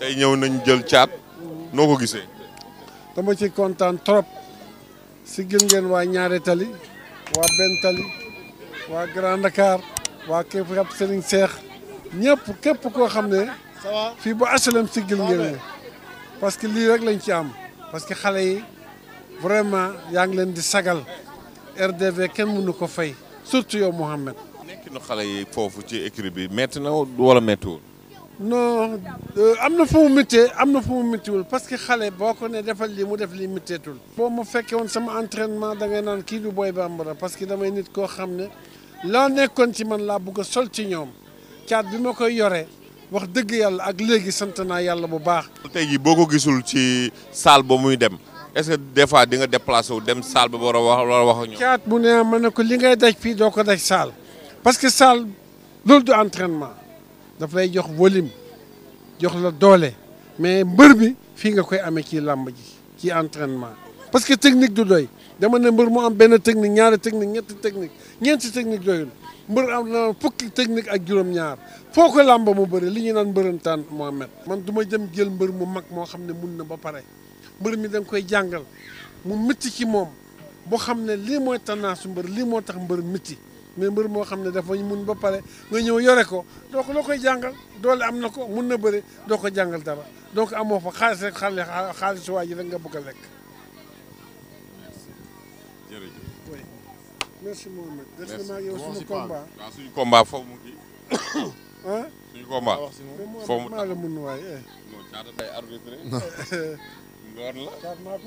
tey ñëw nañu jël caat noo ko gisee. dama ci kontaan trop si gil ngeen waa ñaari tali waa benn tali waa Grand Dakar waa képp ab Serigne Seex ñëpp képp koo xam ne fii ba HLM si gil ngeen parce que lii rek lañ ci am parce que xale yi vraiment yaa ngi leen di sagal RDV kenn mënu ko fay surtout yow Mouhamed. nekk na xale yi foofu ci écrit bi métti na wala méttiwul. non euh, am na fu mu méttee am na fu mu méttiwul parce que xale boo ko ne defal lii mu def lii métteetul. boo ma fekkee woon sama entrainement da ngay naan kii du Boy Bambara parce que damay nit koo xam ne laa nekkoon ci man laa bugg a sol ci ñoom caat bi ma koy yoree wax dëgg yàlla ak léegi sant naa yàlla bu baax. tey jii boo ko gisul ci salle ba muy dem est-ce que des fois di nga déplacé wu dem salle ba war a wax war a wax ak caat bu ne ma ne ko li ngay daj fii doo ko daj salle parce que salle loolu dafay jox volume jox la doole mais mbër bi fii nga koy amee ci làmb ji ci entraînement parce que technique du doy dama ne mbër mu am benn technique ñaari technique ñetti technique ñeenti technique doyul mbër am na fukki technique ak juróom-ñaar foo ko làmb mu bëri li ñu naan mbërëntaan Mohamed man duma jëm jël mbër mu mag moo xam ne mun na ba pare mbër mi danga koy jàngal mu métti ci moom boo xam ne lii mooy tannaasu mbër lii moo tax mbër métti mais mbër moo xam ne dafa mun ba pare nga ñëw yore ko donc loo koy jàngal doole am na ko mun na bëre doo ko jàngal dara donc amoo fa xaalis rek xaalis xaalis waa ji rek nga bëgg a lekk. jërëjëf. oui merci Mohamed. merci des na foofu mu kii. ah. foofu mu taxaw maa la mun waaye. Eh. ngoon la caat maa ko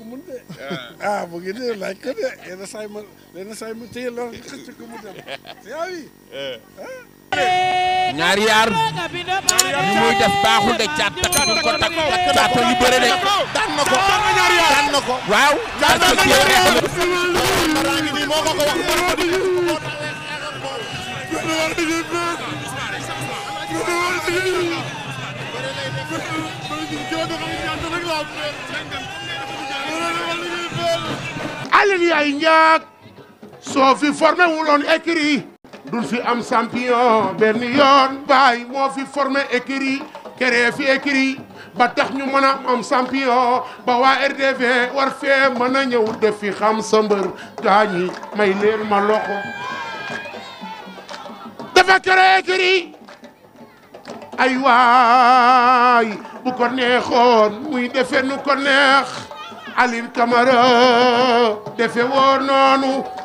yaar muy def baaxul de caat takku ko takk caat li bëre daan na ko daan na ko waaw. daan na ko moo Aline ay Njaak soo fi formé wuloon écrit fi am champion benn yoon baay moo fi formé écrit kere fi écrit ba tax ñu mën a am champion ba waa RDV war fee mën a ñëw def fi xam sa gaañi may leen ma loxo dafa kere écrit ay waay bu ko neexoon muy defe nu ko neex Aliou Camara defe woo noonu